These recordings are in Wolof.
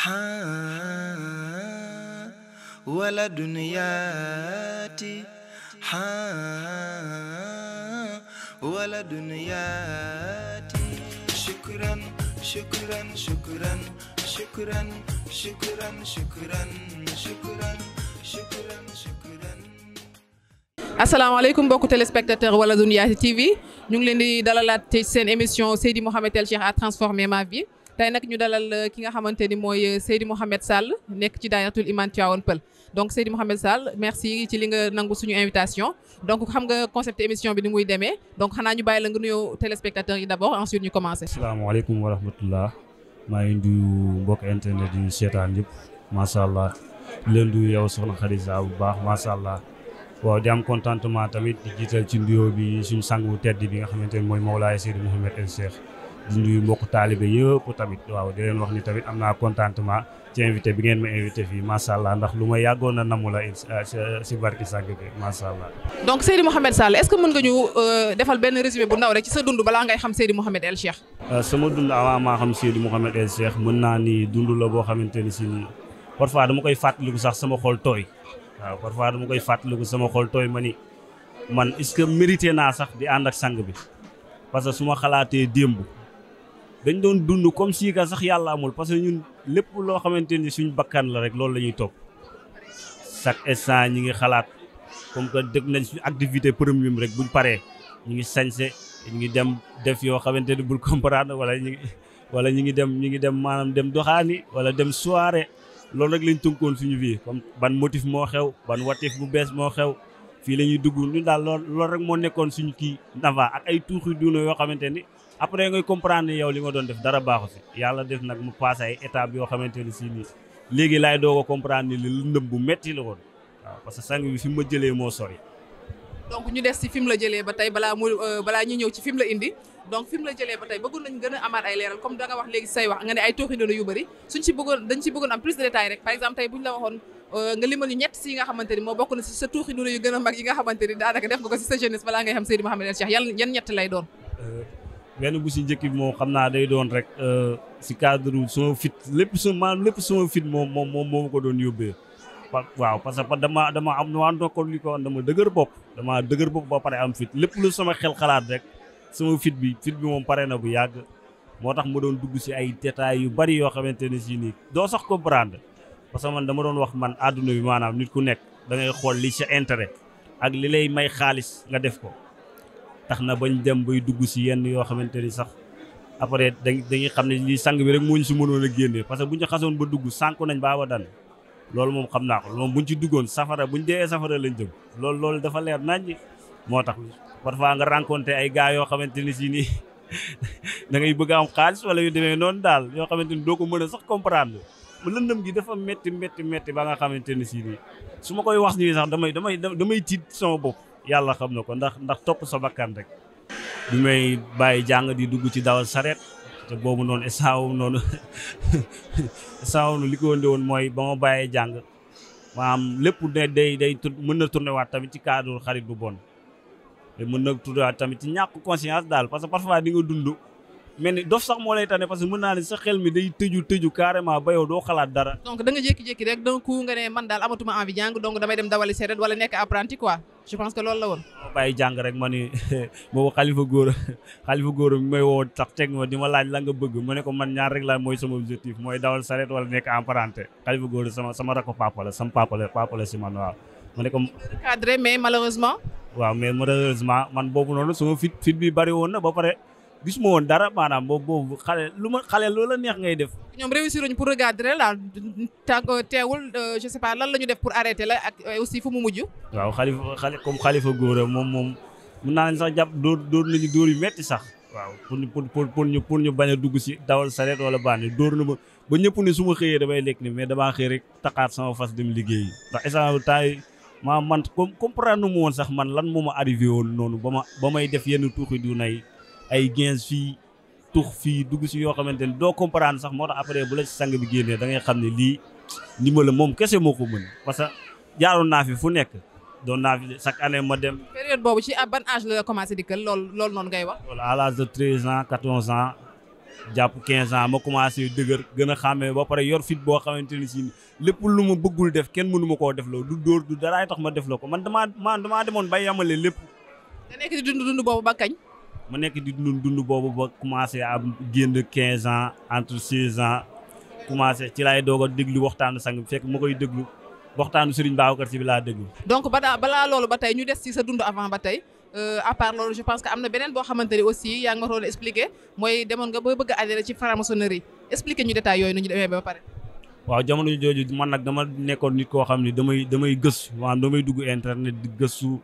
haa wala duniyaati haa wala duniyaati shukran shukran shukran shukran shukran shukran shukran shukran téléspectateur Wala Duniyaati TV ñu ngi leen di dalalaat seen émission Seydi Mouhamed El Cheikh a transformé ma vie tey nag ñu dalal euh, ki nga xamante ni mooy euh, Seydi Mouhamed Sall nekk ci daayiratul iman Tivaouane Peulh donc Seydi Mouhamed Sall merci ci li nga nangu suñu invitation donc xam nga concept émission bi ni muy demee donc xanaa ñu bàyyi la nga nuyoo téléspectateurs yi d'abord ensuite ñu commencé. asalaamaaleykum wa rahmatullah maa ngi nuyu mbokk internet yi seetaan yëpp macha allah di leen nuyu yow soxna Khadija bu baax macha allah. waaw di am contentement tamit di jiital ci nuyoo bi suñu sang bu bi nga xamante ne mooy Mawlaay Seydi Mouhamed El di yu mbokku taalibe yëpp tamit waaw di leen wax tamit am naa contentement ci bi ngeen ma invité fii macha allah ndax lu ma yàggoon a namu la ah, si barki sànq bi macha allah. donc Seydi Mouhamed Sall est nga ñu euh, defal benn résumé bu ndaw rek ci sa dund ngay xam Seydi Mouhamed El Cheikh. Euh, sama dund avant maa xam Seydi Mouhamed El Cheikh mën naa ni dund boo xamante ni si parfois dama koy fàttaliku sax sama xol tooy waaw parfois dama koy fàttaliku sama xol tooy ma ni man est-ce que naa sax di ànd ak sang bi parce que su ma xalaatee démb. dañ doon dund comme si ka sax yàlla amul parce que ñun lépp loo xamante ni suñu bakkan la rek loolu la ñuy topp chaque instant ñi ngi xalaat comme que dëgg nañ suñu activité premium rek buñ paree ñu ngi sañse ñu ngi dem def yoo xamante ni bul comprendre wala ñu ngi wala ñu ngi dem ñu ngi dem maanaam dem doxaani wala dem soirée loolu rek lañ tënkoon suñu vie comme ban motif moo xew ban watif bu bees moo xew fii la ñuy dugg ñu daal loolu rek moo nekkoon suñu kii nava yoo xamante ni après ngay comprendre ni yow li nga doon def dara baaxu si yàlla def nag mu passé ay étapes yoo xamante si nii léegi laay doog a comprendre ni li lëndëm bu metti la woon waaw parce que sang bi fi ma jëlee moo sori. donc ñu des ci fi mu la jëlee ba tey balaa mu euh, balaa ñuy ñëw ci fi la indi donc fi la jëlee ba tey bëggoon nañ gën a ay leeral comme da wax léegi say wax nga ne ay tooxi doona yu bëri suñ ci bëggoon dañ ci bëggoon am plus de détails rek par benn bu si njëkk bi moom xam naa day doon rek euh, si cadre sama fit lépp sama maanaam lépp sama fit moom moom moom moo ko doon yóbbee waaw parce que dama dama am waa ndokkoon li ko dama dëgër bopp dama dëgër bopp ba pare am fit lépp lu sama xel xalaat rek sama fit bi fit bi moom pare na bu yàgg moo tax ma doon dugg si ay détails yu bari yoo xamante ne si nii doo sax comprendre parce que man dama doon wax man àdduna bi maanaam nit ku nekk da xool li sa intérêt ak li lay may xaalis nga def ko tax na bañ dem bay dugg si yenn yoo xamante ni sax après da xam ne lii sang bi rek moo ñu si mënoon a génnee parce que bu ñu xasoon ba dugg sànku nañ baa dan loolu moom xam naa ko moom buñ ci duggoon safara buñ dee safara lañ jëm loolu loolu dafa leer nañ moo tax parfois nga rencontré ay gars yoo xamante ni si nii da ngay bëgg am xaalis wala yu demee noonu daal yoo xamante ni doo ko mën a sax comprendre mu lëndëm gi dafa métti métti métti ba nga xamante ni si nii su ma koy wax nii sax damay damay damay yàlla xam na ko ndax ndax topp sa bakkan rek bi may bàyyi jàng di dugg ci daw sareet te boobu noonu essanwu noonu essanwu noonu li ko wënde woon mooy ba ma bàyyee jàng maanaam lépp ne day day mën na tourné waat tamit ci cadre xarit bu bon te mën na tourné tamit ci ñàkk conscience daal parce parfois di nga dund mel dof sax moo lay tane parce que mën naa sa xel mi day tëju tëju carrément ba yow doo xalaat dara. donc da nga jékki-jékki rek donc nga ne man daal amatuma envie jàng donc damay dem dawali seeret wala nekk apprenti quoi je pense que loolu la woon. ma bàyyi jàng rek ma ni boobu xalifa góor xalifa góor teg ma di ma laaj la ma ne ko man ñaar rek sama objectif mooy dawal saret si man waaw. ma ne ko cadré mais malheureusement. man boobu noonu sama fit bi bari woon na ba gisuma woon dara maanaam boobu xale lu ma xale la neex ngay def. ñoom réussir nañu pour regarder la tànk teewul euh, je sais lan la ñu def pour arrêter la ak euh, aussi fu mu mujj. waaw xalifa xale comme xalifa góora moom moom mun naa leen sax jàpp dóor dóor nañu dóor yi metti sax. waaw pour pour pour ñu pour ñu bañ a dugg si dawal sareet wala bànn dóor na ba ba ñëpp ne su ma xëyee damay lekk ni mais damaa xëy rek taxaat sama fas dem liggéey ndax instant taay maa man comprendre nu mu woon sax man lan moo ma arrivé woon noonu ba ma ba may def yenn tuuxi du nay ay gens fii tux fii dugg si yoo xamante ni doo comprendre sax moo tax après bu la si sang bi génnee da ngay xam ne lii ndimbal moom kese moo ko mën parce que jaaroon naa fi fu nekk doon naa fi chaque année ma dem. période boobu ban âge la commencé dikkal loolu loolu noonu ngay wax. voilà à l'âge de treize ans quatorze ans jàpp quinze ans ma commencé dëgër gën a xàmmee ba pare yor fit boo xamante ni si lépp lu ma bëggul def kenn mënuma koo def loo du dóor du daraay tax ma def la ko man damaa man demoon ba yamale lépp. da nekk di dund dund boobu ba kañ. ma nekk di dund dund boobu ba commencé am génn 15 ans entre 16 ans commencé ci laay doog a déglu waxtaanu sang bi fekk ma koy déglu waxtaanu baa Babacar Sy bi laa déglu. donc balaa balaa loolu ba tey ñu des ci sa dund avant ba tey euh, à part loolu je que am na beneen boo xamante ni aussi yaa nga waroon expliquer mooy demoon nga ba bëgg a adhéré ci franc-maçonnerie expliquer ñu détail yooyu nu ñu demee ba pare. waaw jamono jooju man nag dama nekkoon nit koo xam ne damay damay gëstu maanaam damay dugg internet gëstu.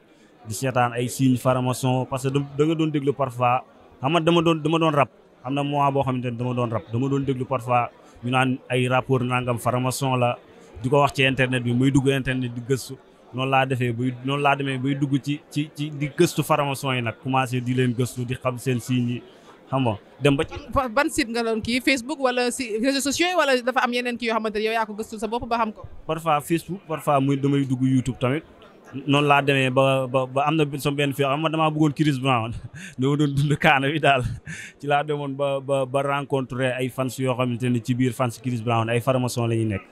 di seetaan ay signe faramason parce que da nga doon déglu parfois xam nga dama doon dama doon rap am na boo xamante ne dama doon rap dama doon déglu parfois ñu naan ay rapport nangam faramason la di ko wax ci internet bi muy dugg internet di gëstu noonu laa defee buy noonu laa demee buy dugg ci ci di gëstu faramason yi nag commencé di leen gëstu di xam seen signes yi xam nga dem ba. ban site nga doon kii Facebook wala réseaux sociaux yi wala dafa am yeneen noonu laa demee ba ba ba am na sama benn xam nga damaa bëggoon Chris Brown dama doon dund kaana bi daal ci laa demoon ba ba ba rencontré ay fans yoo xamante ne ci biir fans Chris Brown ay formation la ñuy nekk.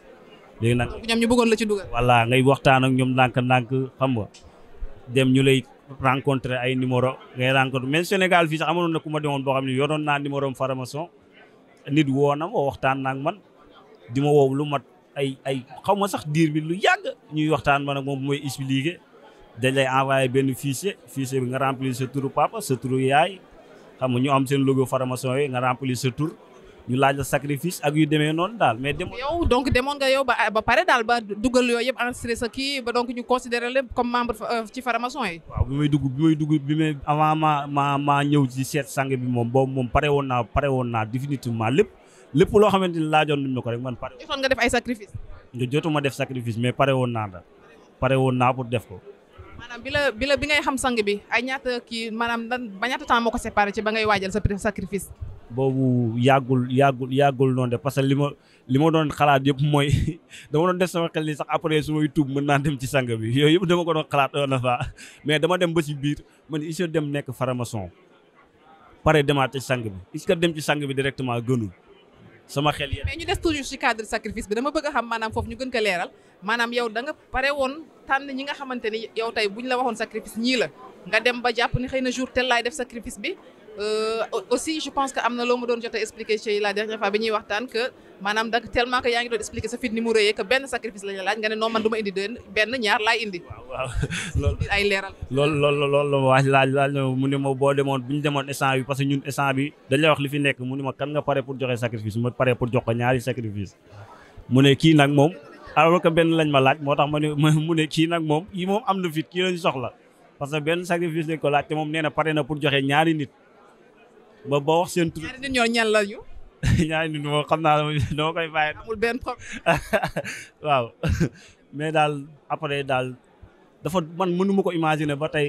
léegi nag ñoom ñu bëggoon la ci dugal. voilà ngay waxtaan ak ñoom ndànk-ndànk xam nga dem ñu lay rencontré ay numéro ngay rencontré même Sénégal fii sax amoon na ku ma demoon boo xam ne yoroon naa numéro am formation nit woo na ma waxtaan naa man di ma woow ay ay xaw ma sax diir bi lu yàgg ñuy waxtaan man ak moom mooy expliqué dañ lay envoyé benn fichier fichier bi nga remplir sa turu papa sa turu yaay xam nga ñu am seen logo formation yi nga remplir sa tur ñu laaj la sacrifice ak yu demee noonu daal mais. demoon yow donc demoon nga yow ba ba pare daal ba dugal yooyu yëpp enregistré sa kii ba donc ñu considéré lép comme membre euh, ci formation yi. waaw bi may dugg bi may dugg bi may avant ma ma ma ñëw ci seet sang bi moom boobu moom pare woon naa pare woon naa définitivement lépp. lépp loo xamante ni laajoon nañ ma ko rek man pare. jotoon nga def ay sacrifice. jotuma def sacrifice mais pare woon naa da pare woon naa pour def ko. maanaam bi ngay xam sang bi ay ñaata kii maanaam lan ba ñaata temps moo ko séparé ci ba ngay waajal sa sacrifice. boobu yàggul yàggul yàggul noonu de parce que li ma li ma doon xalaat yëpp mooy dama doon def sama xel sax après su mën naa dem ci sang bi yooyu yëpp dama ko doon xalaat un avant mais dama dem ba si biir man il faut dem nekk faramaçon pare demaat ci sang bi est-ce que dem ci sang bi directement gënul. sama xel yéen mais ñu des toujours ci cadre sacrifice bi dama bëgg a xam maanaam foofu ñu gën ko leeral maanaam yow danga pare woon tànn ñi nga xamante ni yow tey buñ la waxoon sacrifice ñii la nga dem ba jàpp ni xëy na jour tel laay def sacrifice bi Euh, aussi je pense que am na loo ma doon jot a expliqué ci la dernière fois bi ñuy waxtaan que maanaam da tellement que yaa ngi doon expliqué sa fit ni mu rëyee que benn sacrifice la ñu laaj nga ne non man du indi déen benn ñaar laaj mu ne ma boo demoon bu ñu demoon instant bi parce que ñun instant bi dañ lay wax li fi nekk mu ne ma kan nga pare pour joxe sacrifice ma pare pour jox ko ñaari sacrifice. mu ne kii nag moom alors que benn lañ ma laaj moo tax ma ne kii nag moom yi moom am na fit kii lañ soxla pour joxe ñaari nit ba ba wax seen tur. ñaari nit ñoo ñan lañu. ñaari nit moom xam naa dama koy bàyyi. amul benn problème. waaw mais daal après daal dafa man mënuma ko imaginer ba tey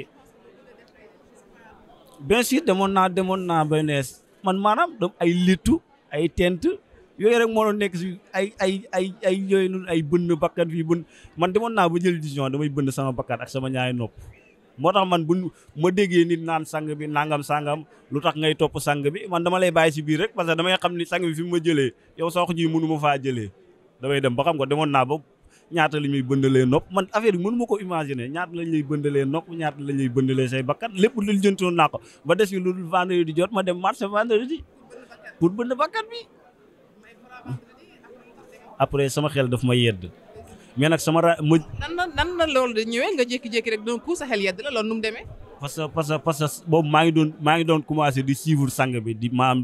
bien sûr demoon naa demoon naa ba nees man maanaam da ay littu ay tent yooyu rek moo nekk si ay ay ay ay yooyu noonu ay bënn bakkan fii bënn man demoon naa ba jël décision damay bënn sama bakkan ak sama ñaari nopp. moo tax man bu ma déggee nit naan sang bi nangam sangam lu tax ngay topp sang bi man dama lay bàyyi si biir rek parce que damay xam ni sang bi fi mu ma jëlee yow soox ji mënu ma faa jëlee damay dem ba xam ko demoon naa ba ñaata la ñuy bëndalee nopp man affaire bi mënu ma ko imaginer ñaata lañ lay bëndalee nopp ñaata lañ lay bëndalee say bakkan lépp lu jëntoon naa ko ba des fi lu dul vendredi jot ma dem marché vendredi pour bënd bakkan bi après sama xel daf ma yedd mais nag sama ra ma. nan loolu di ñëwee nga jékki-jékki rek donc sa xel yedd la loolu nu mu demee. parce que parce que parce que boobu maa ngi doon maa ngi doon commencé di suivre sang bi di maam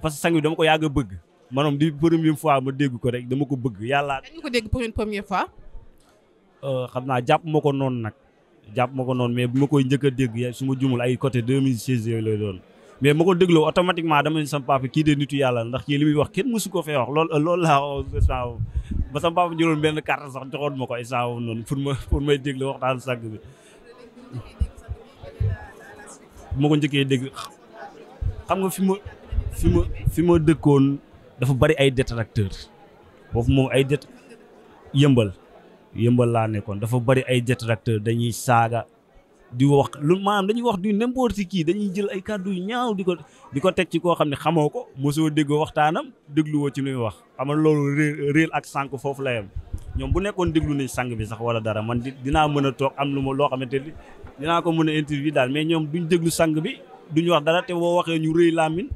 parce sang bi dama ko yàgg a bëgg maanaam di première fois ma dégg ko rek dama ko bëgg yàlla. dañ ko dégg euh, xam naa jàpp ma ko noonu nag jàpp ko noonu mais bu ma koy njëkk a dégg su ma jumul ay côté 2016 yooyu lay doon. mais ma ko dégloo automatiquement dama ne sama papa kii de nitu yàlla ndax kii li muy wax kenn mësu ko fee wax lool loolu laa ba sama papa jëloon benn carte sax joxoon ma ko ay saabu noonu pour ma pour may déglu waxtaan sàgg bi. bu ma ko njëkkee dégg xam nga fi ma fi ma fi ma dëkkoon dafa bari ay détracteur foofu moom ay dét yëmbal yëmbal laa nekkoon dafa bari ay détracteur dañuy saaga di wax lu maanaam dañuy wax du si qui dañuy jël ay kàddu yu ñaaw di ko di ko teg ci koo xam ne xamoo ko mosoo déggoo waxtaanam dégluwoo ci luy wax amal loolu réer ak sànq foofu la yem ñoom bu nekkoon déglu nañ sang bi sax wala dara man dinaa mën a toog am lu ma loo xamante ni dinaa ko mën a interview daal mais ñoom duñ déglu sang bi duñ wax dara te boo waxee ñu rëy làmmiñ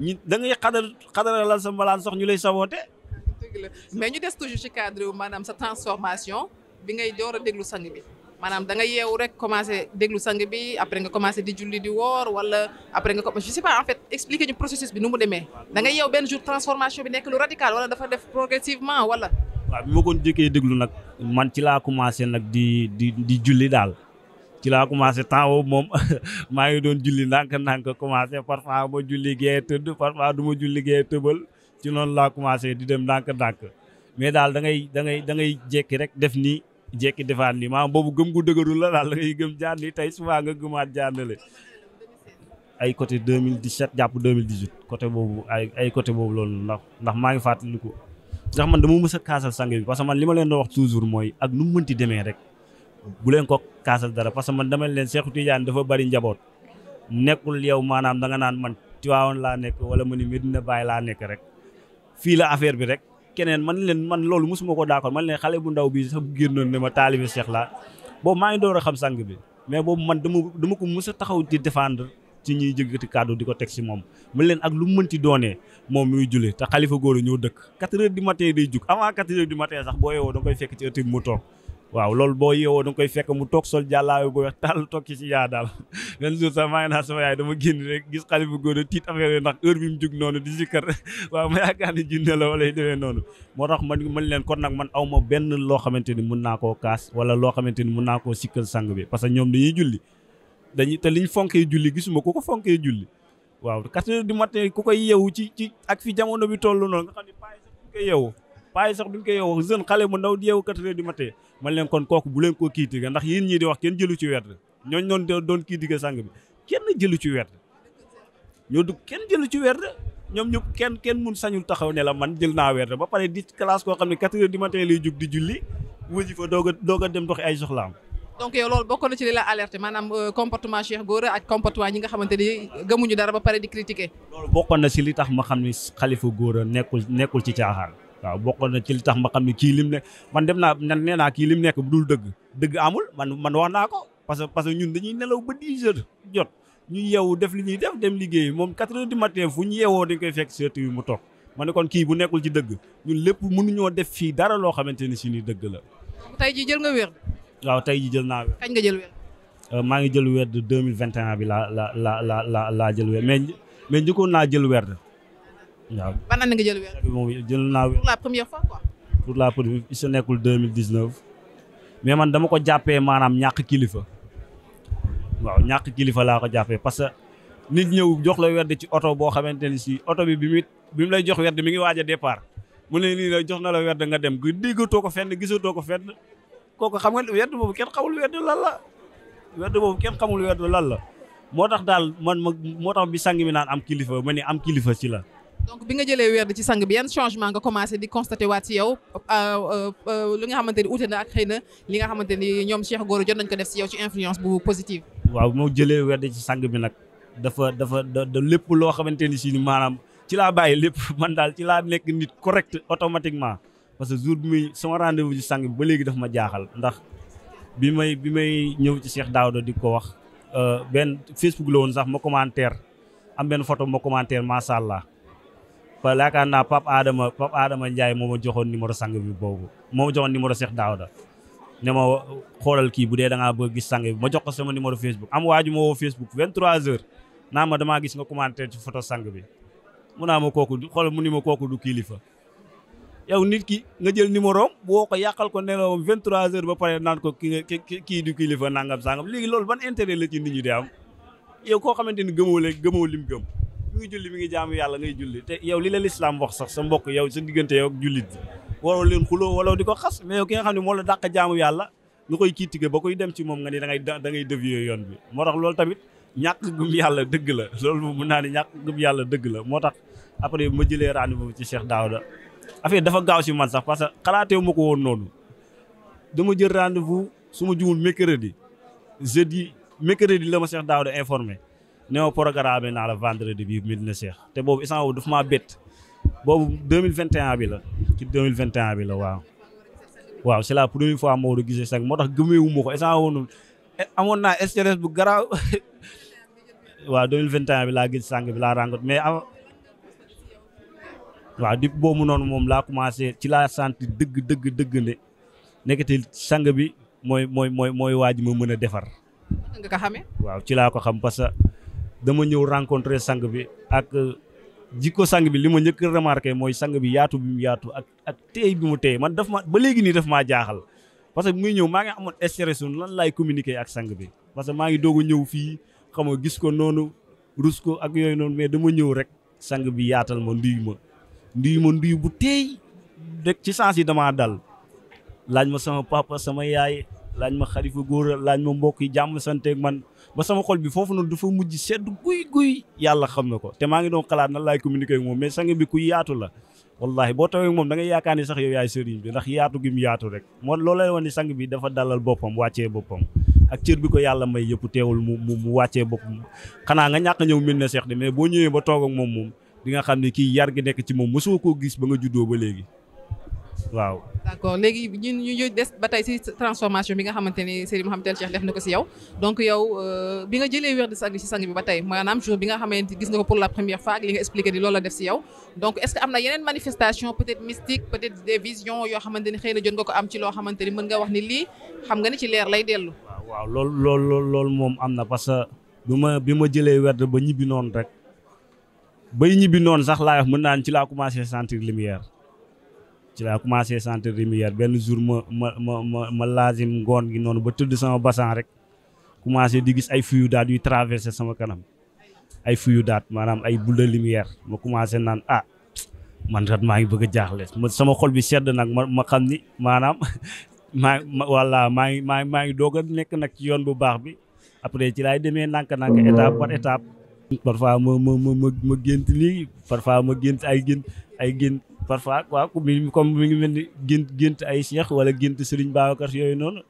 ñi da ngay xadar xadaralal sa mbalaan sox ñu lay saboote. dëgg mais ñu des toujours ci cadre maanaam sa transformation bi ngay door a déglu sang bi. maanaam da yeew rek commencé déglu sang bi après nga commencé di julli di woor wala après nga je sais pas en fait expliquer ñu processus bi nu nga yeew benn jour transformation bi nekk lu radical wala dafa def progressivement wala. waaw bi ma déglu nag man ci laa commencé nag di di di julli daal. ci laa commencé temps moom maa ngi doon julli ndànk-ndànk commencé parfois ma julli gee tëdd parfois du ma julli gee tëbal ci noonu laa commencé di dem ndànk-ndànk mais daal da ngay da ngay da ngay jékki rek def nii jekki defaat lii maanaam boobu gëm gu dëgërul la daal la ngay gëm jaan lii tey souvent nga gëmaat jaan le ay côté 2017 jàpp 2018 côté boobu ay ay côté boobu loolu ndax ndax maa ngi ko ndax man dama mës a kaasal sang bi parce que man li ma leen doon wax toujours mooy ak nu mu mënti demee rek bu leen ko kaasal dara parce que man dama leen Seexu Tijaan dafa bari njaboot nekkul yow maanaam da nga naan man Tiwaawan laa nekk wala man ni Medina Baay laa nekk rek fii la affaire bi rek keneen man leen man loolu mësuma ko d'accord man leen xale bu ndaw bi sax génnoon ne ma taalibe Cheikh la boobu maa ngi door a xam sang bi mais boobu man dama dama ko mës a taxaw di défendre ci ñuy jëkkati kàddu di ko teg si moom mu leen ak lu mu mënti doonee moom muy julli te xalifa góor ñoo dëkk 4 heures du matin day jug avant 4 heures du sax boo yeewoo da koy fekk ci ëtt mu toog waaw loolu boo yeewoo da koy fekk mu toog sol jàllaawe bu weex tàll toog ci si yaa daal benn jour sax maa ngi naan sama yaay dama génn rek gis xale bu góor a tiit affaire yooyu ndax heure bi mu jug noonu di si kër waaw ma yaakaar ne jinne la wala y demee noonu moo tax man man leen kon nag man aw ma benn loo xamante ni mun naa koo kaas wala loo xamante ni mun naa koo sikkal sang bi parce que ñoom dañuy julli dañuy te liñ fonkee julli gisuma ku ko fonkee julli waaw quatre heures du matin ku koy yeewu ci ci ak fi jamono bi toll noonu nga paa yi sax duñ ko yeewoo jeune xale mu ndaw di yeewu quatre heures du matin man leen kon kooku bu leen koo kiitiga ndax yéen ñii di wax kenn jëlu ci wet ñooñ noon doon kiitiga sàng bi kenn jëlu ci wet ñoo du kenn jëlu ci wet ñoom ñëpp kenn kenn mun sañul taxaw ne la man jël naa weer ba pare di classe koo xam ne quatre heures du matin lay jug di julli wuji fa doog a a dem doxi ay am donc yow loolu bokk na ci li la alerté maanaam euh, comportement Cheikh a ak comportement ñi nga xamante ni gëmuñu dara ba pare di critiquer. loolu bokkoon na si li tax ma xam ne Khalifa Gora nekkul nekkul ci caaxaan. waaw bokkoon na ci li tax ma xam ne kii lim ne man dem naa nenaa naa kii lim nekk bu dul dëgg dëgg amul man man wax naa ko parce que parce que ñun dañuy nelaw ba 10 heures jot ñu yeewu def li ñuy def dem liggéey moom 4 heures du matin fu ñu yeewoo dañ koy fekk seetu yi mu toog ma ne kon kii bu nekkul ci dëgg ñun lépp ñoo def fii dara loo xamante ni si ni dëgg la. tey ji jël nga wér. waaw tey ji jël naa wér. nga jël wér. Euh, maa ngi jël wér de 2021 bi laa la la la la laa jël wér mais mais njëkkoon naa jël wér. waaw ban année nga jël wér. moom jël naa wér. pour la première fois quoi. pour la première su nekkul deux mais man dama ko jàppee maanaam ñàkk kilifa. waaw ñàkk kilifa laa ko jàppee parce que nit ñëw jox la werd ci oto boo xamante ni si oto bi bi muy bi mu lay jox werd mi ngi waaj a départ. mu ne nii jox na la werd nga dem nga déggatoo ko fenn gisatoo ko fenn kooku xam nga werd boobu kenn xamul werd lan la. werd boobu kenn xamul werd lan la moo tax daal man ma moo tax bi sang mi naan am kilifa ma ni am kilifa ci la. donc bi nga jëlee weer ci sang bi yan changement nga commencé di constaté waat ci yow euh, euh, euh, li nga xamante ni uute na ak xëy na li nga xamante ni ñoom Cheikh Gora jot nañ ko def si yow ci influence bu positive. waaw moo jëlee weer ci sang bi nag dafa dafa da lépp loo xamante ni si maanaam ci laa bàyyi lépp man daal ci laa nekk nit correct automatiquement parce que jour bi muy sama rendez-vous sang bi ba léegi daf ma jaaxal ndax bi may bi may ñëw ci Cheikh Daouda di ko wax benn Facebook la woon sax ma commentaire am benn photo ma commentaire macha allah. yaakaar naa Pape Adama Pape Adama Ndiaye moo ma joxoon numéro sang bi boobu moo ma joxoon numéro Cheikh Daouda ne ma xoolal kii bu dee da ngaa bëgg gis sang bi ma jox ko sama numéro Facebook am waaju ma woo Facebook 23h naa ma damaa gis nga commenté ci photo sang bi mu naa ma kooku xoolal mu ni ma kooku du kilifa yow nit ki nga jël numéro boo ko yàqal ko nelawam 23h ba pare naan ko ki kii du kilifa nangam sangam léegi loolu ban intérêt la ci nit ñi di am yow koo xamante ni gëmoo leen gëmoo lim gëm. mu kuy julli mi ngi jaamu yàlla ngay julli te yow li la lislaam wax sax sa mbokk yow sa diggante yow jullit bi waroo leen xuloo wala di ko xas mais yow ki xam ne moo la dàq jaamu yàlla lu koy kiitige ba koy dem ci moom nga ni da ngay da ngay dévier yoon bi moo tax loolu tamit ñàkk gëm yàlla dëgg la loolu moom mën naa ne ñàkk gëm yàlla dëgg la moo tax après ma jëlee rendez-vous ci seex Daouda affaire dafa gaaw si man sax parce que xalaatee ma ko woon noonu dama jël rendez-vous su ma juumul mercredi jeudi mercredi la ma Cheikh Daouda informé ne ma programme naa la vendredi bi Médina Cheikh te boobu instant boobu dafa maa bett boobu 2021 bi la ci 2021 bi la waaw. waaw c'est la première fois Maodo gisee sax moo tax gëmeewu ma ko instant woon amoon naa stress bu garaaw waaw 2021 bi laa gis sàng bi laa rangot mais a waaw di boobu noonu moom laa commencé ci laa sentir dëgg dëgg dëgg ne nekkati sang bi mooy mooy mooy mooy waa ji ma mën a defar. waaw ci laa ko xam parce dama ñëw rencontrer sang bi ak euh, jikko sang bi li ma njëkk remarqué mooy sang bi yaatu bi mu yaatu ak ak téy bi mu téy man daf ma ba léegi nii daf maa jaaxal parce que muy ñëw maa ngi amoon stress lan laay communiquer ak sang bi parce que maa ngi doog ñëw fii xam nga gis ko noonu rus ko ak yooyu noonu mais dama ñëw rek sang bi yaatal ma nduy ma nduy ma nduy bu téy rek ci sens yi damaa dal laaj ma sama papa sama yaay laaj ma xari xarifa góor laaj ma mbokk yi jàmm santeeg man ba sama xol bi foofu noonu dafa mujj sedd guy guy yàlla xam na ko te maa ngi doon xalaat nan laay communiquer moom mais sang bi ku yaatu la wallahi boo tawee moom da ngay ni sax yow yaay sëriñ bi ndax yaatu gi yaatu rek moo loolu lay wax ni sang bi dafa dalal boppam wàccee boppam ak cër bi ko yàlla may yëpp teewul mu mu mu wàccee boppam xanaa nga ñàkk ñëw min na seex de mais boo ñëwee ba toog ak moom moom di nga xam ne kii yar gi nekk ci moom mosoo koo gis ba nga juddoo ba léegi waaw d' accord léegi ñun ñu des ba tey si transformation bi nga xamante ni Serigne Mouhamadou Cheikh def na ko si yaw donc yow euh, bi nga jëlee wér di sang si sang bi ba tey maanaam jour bi nga xamante gis nga ko pour la première fois ak li nga expliqué ni loolu la def si yow donc est ce que am na yeneen manifestation peut être mystique peut être des yoo xamante ni xëy na jot nga ko am ci loo xamante ni mën nga wax ni lii xam nga ni leer lay dellu waaw loolu loolu loolu loolu moom am na parce que bi ma bi ma jëlee werd ba ñibbi noonu rek bay ñibbi noonu sax laay mën naan ci laa commencé sentir lumière ci laa commencé centre lumière benn jour ma ma ma ma ma laasim ngoon gi noonu ba tëdd sama basan rek commencé di gis ay fuyu daat yuy traversé sama kanam ay fuyu daat maanaam ay boule de lumière ma commencé naan ah man kat maa ngi bëgg a jaaxle sama xol bi sedd nag ma ma xam ni maanaam maa walla maa ngi maa ngi maa ngi doog a nekk nag ci yoon bu baax bi après ci laay demee nànk-nànk étape par étape parfois ma ma ma ma gént lii parfois ma gént ay gént ay gént parfois quoi comme mi ngi mel ni génn gént ay cheikh wala gént Serigne Babacar yooyu noonu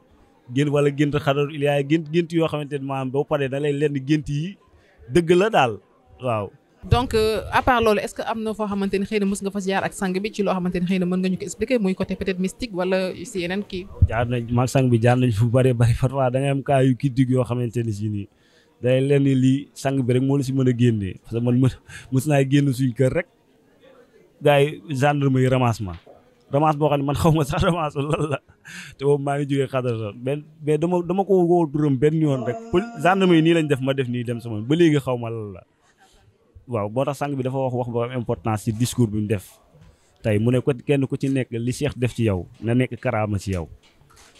gént wala gént xadar il y a gént gént yoo xamante ne maanaam boo paree da lay lenn gént yi dëgg la daal waaw. donc euh, à part loolu est am na foo xamante ni xëy na mës nga fa jaar ak sang bi ci loo xamante ni xëy na mën nga ñu ko expliquer muy côté peut-être mystique wala si yeneen kii. jaar nañ maag sang bi jaar nañ fu bëree bëri parfois da yu kii dig yoo xamante ne si nii day lenn lii sang bi rek moo la si mën a génnee parce que man mës naa génn suñ kër rek. gars yi gendarme yi ramassement ramasse boo xam ne man xaw ma sax ramasse lan la te boobu maa ngi jógee xadar sax mais dama dama ko woo turam benn yoon rek pour gendarme yi nii lañ def ma def nii dem sama ba léegi xaw ma lan la waaw moo tax sang bi dafa wax wax ba am importance ci discours bi mu def tey mu ne kenn ku ci nekk li Cheikh def si yow na nekk karaama si yow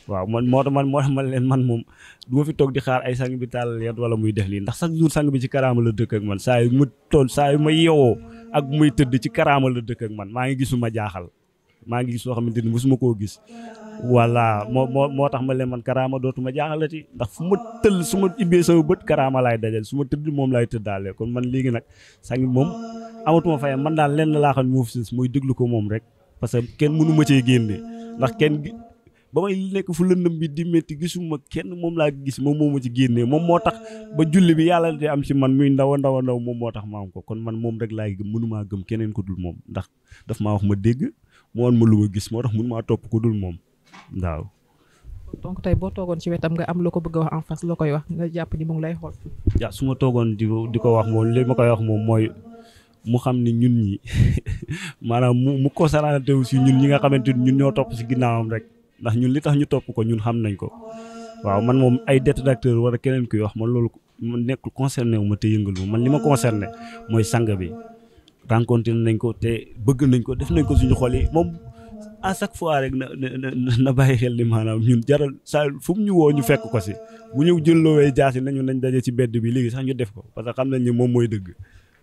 waaw man moo tax man moo man leen man moom du ma fi toog di xaar ay sang bi taal yat wala muy def lii ndax chaque jour sang bi ci karaama la dëkk ak man ma toll saa ma yeewoo ak muy tëdd ci karaama la dëkk ak man maa ngi gisuma jaaxal maa ngi gis soo xamante ni mosuma koo gis. voilà moo moo moo tax ma leen man karaama dootuma jaaxalati ndax fu ma tëll su ma ibbee sama bët karaama laay dajal su ma tëdd moom laay tëddaale kon man léegi nag sang bi moom amatuma fayam man daal lenn laa xam ne moo fi muy déglu ko moom rek parce que kenn mënuma ma cee génne ndax kenn ba may nekk fu lëndëm bi di métti gisuma kenn moom laa gis ma moom moo ma ci génnee moom moo tax ba julli bi yàlla di am si man muy ndaw a ndaw a moom moo tax ma am ko kon man moom rek laay gëm mënumaa gëm keneen ko dul moom ndax daf ma wax ma dégg moo woon ma lu ma gis moo tax mënumaa topp ko dul moom waaw. donc tey boo toogoon ci wetam nga am loo ko bëgg a wax en face loo koy wax nga jàpp ni moom ngi lay xool. waaw su ma toogoon di ko di ko wax moom li ma koy wax moom mooy mu xam ni ñun ñi maanaam mu mu concentré wu si ñun ñi nga xamante ni ñun ñoo topp si ginnaawam rek. ndax ñun li tax ñu topp ko ñun xam nañ ko waaw man moom ay détracteur wala keneen kuy wax ma loolu man nekkul concerné wu ma te yëngal man li ma concerné mooy sang bi rencontré nañ ko te bëgg nañ ko def nañ ko suñu xol yi moom à chaque fois rek na na bàyyi xel li maanaam ñun jaral saa fu mu ñu fekk ko si bu ñu jëlloowee jaasi nañu nañ daje ci bedd bi léegi sax ñu def ko parce que xam nañ ne moom mooy dëgg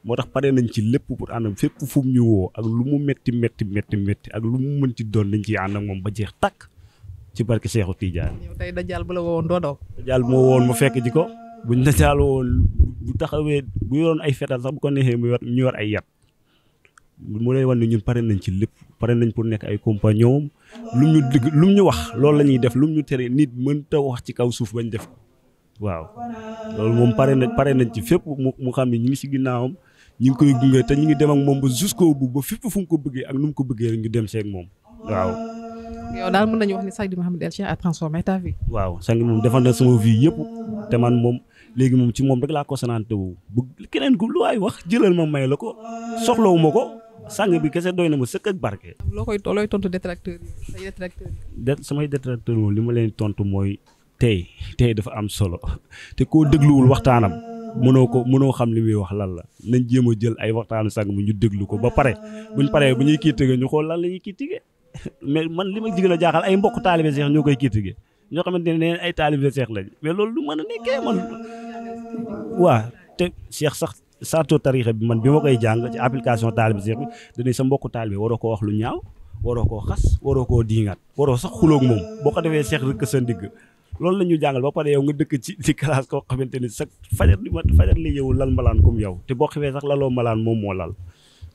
moo tax pare nañ ci lépp pour ànd ak fépp fu mu ak lu mu métti métti métti métti ak lu mu mënti doon dañ ci ànd ak moom ba jeex tàkk ci barke Seexu Tijaan. tey dajaal bu la woowoon doo daw. dajaal moo woon mu fekk ji ko buñ dajaal woon bu taxawee bu yoon ay fetal sax bu ko neexee mu yor ñu yor ay yat mu lay wan ne ñun pare nañ ci lépp pare nañ pour nekk ay compagnon lum ñu lu lum ñu wax loolu la ñuy def mu ñu tere nit mënta wax ci kaw suuf bañ def ko waaw loolu moom pare nañ pare nañ ci fépp mu mu xam ne ñu ngi si ginnaawam ñu ngi koy gunge te ñu ngi dem ak moom ba jusqu'au bout ba fépp fu mu ko bëggee ak nu mu ko bëggee rek ñu dem seeg moom waaw. yow daal mën nañu wax ni sax di Mouhamed El moom defal na sama vie yëpp te man moom léegi moom ci moom rek laa concentré wu bu lu waay wax jëlal ma may la ko soxlawu ma ko sang bi kese doy na ma sëkk ak barke. loo koy looy tontu détracteur yi say détracteur yi. samay détracteur moom li ma leen tontu mooy tey tey dafa am solo te koo dégluwul waxtaanam. mënoo ko mënoo xam ni muy wax lan la nañ jéem a jël ay waxtaanu sang mu ñu déglu ko ba pare buñ paree bu ñuy kiitige ñu xool lan la mais man li ma jig gën jaaxal ay mbokk taalibe seex ñoo koy critiqué ñoo xamante ne neen ay taalibe seex lañ mais loolu lu mën waa te seex sax sarto tarixa bi man bi ma koy jàng ci application taalibe seex bi sa mbokk taalibe waroo ko wax lu ñaaw waroo koo xas waroo koo diingaat waroo sax xuloog moom boo ko defee seex rek sa ndigg loolu la ñu jàngal ba pare yow nga dëkk ci ci classe koo xamante ni sax fajar li ma fajar li malaan comme yow te boo xewee sax laloo malaan moom moo lal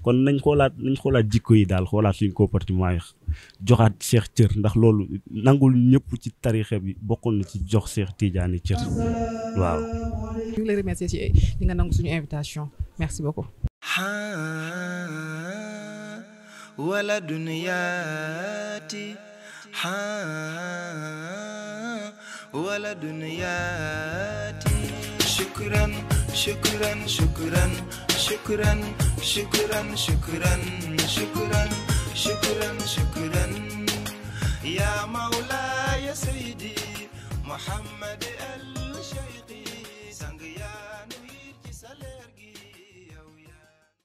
kon nañ xoolaat nañ xoolaat jikko yi daal xoolaat suñ comportement yi joxaat Cheikh cër ndax loolu nangul ñëpp ci tarixa bi bokkoon na ci jox seex Tidiane cër waaw. ñu ngi lay remercier ci li nga nangu suñu invitation merci beaucoup. wala duniyaati wala duniyaati. shukran shukran shukran shukran shukran شكرا شكرا يا مولاي سيدي محمد الله